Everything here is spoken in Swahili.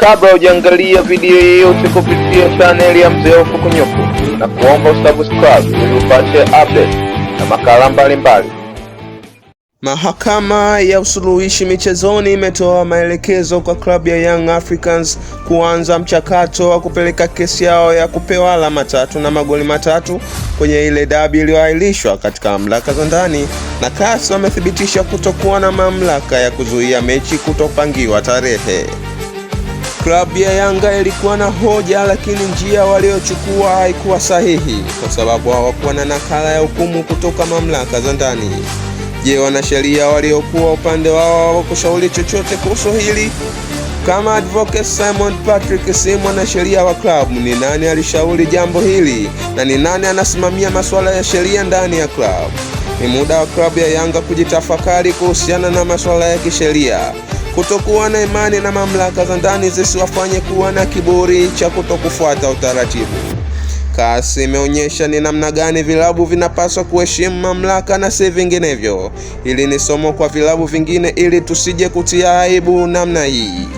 Kabla hujaangalia video yeyote kupitia chaneli ya Mzee wa Fukunyuku, na kuomba usubscribe ili upate update na makala mbalimbali. Mahakama ya usuluhishi michezoni imetoa maelekezo kwa klabu ya Young Africans kuanza mchakato wa kupeleka kesi yao ya kupewa alama tatu na magoli matatu kwenye ile dabi iliyoahirishwa katika mamlaka za ndani, na CAS wamethibitisha kutokuwa na mamlaka ya kuzuia mechi kutopangiwa tarehe. Klabu ya Yanga ilikuwa na hoja, lakini njia waliochukua haikuwa sahihi kwa sababu hawakuwa na nakala ya hukumu kutoka mamlaka za ndani. Je, wanasheria waliokuwa upande wao hawakushauri chochote kuhusu hili? Kama Advocate Simon Patrick si mwanasheria wa klabu, ni nani alishauri jambo hili na ni nani anasimamia masuala ya sheria ndani ya klabu? Ni muda wa klabu ya Yanga kujitafakari kuhusiana na masuala ya kisheria. Kutokuwa na imani na mamlaka za ndani zisiwafanye kuwa na kiburi cha kutokufuata utaratibu. CAS imeonyesha ni namna gani vilabu vinapaswa kuheshimu mamlaka na si vinginevyo. Hili ni somo kwa vilabu vingine, ili tusije kutia aibu namna hii.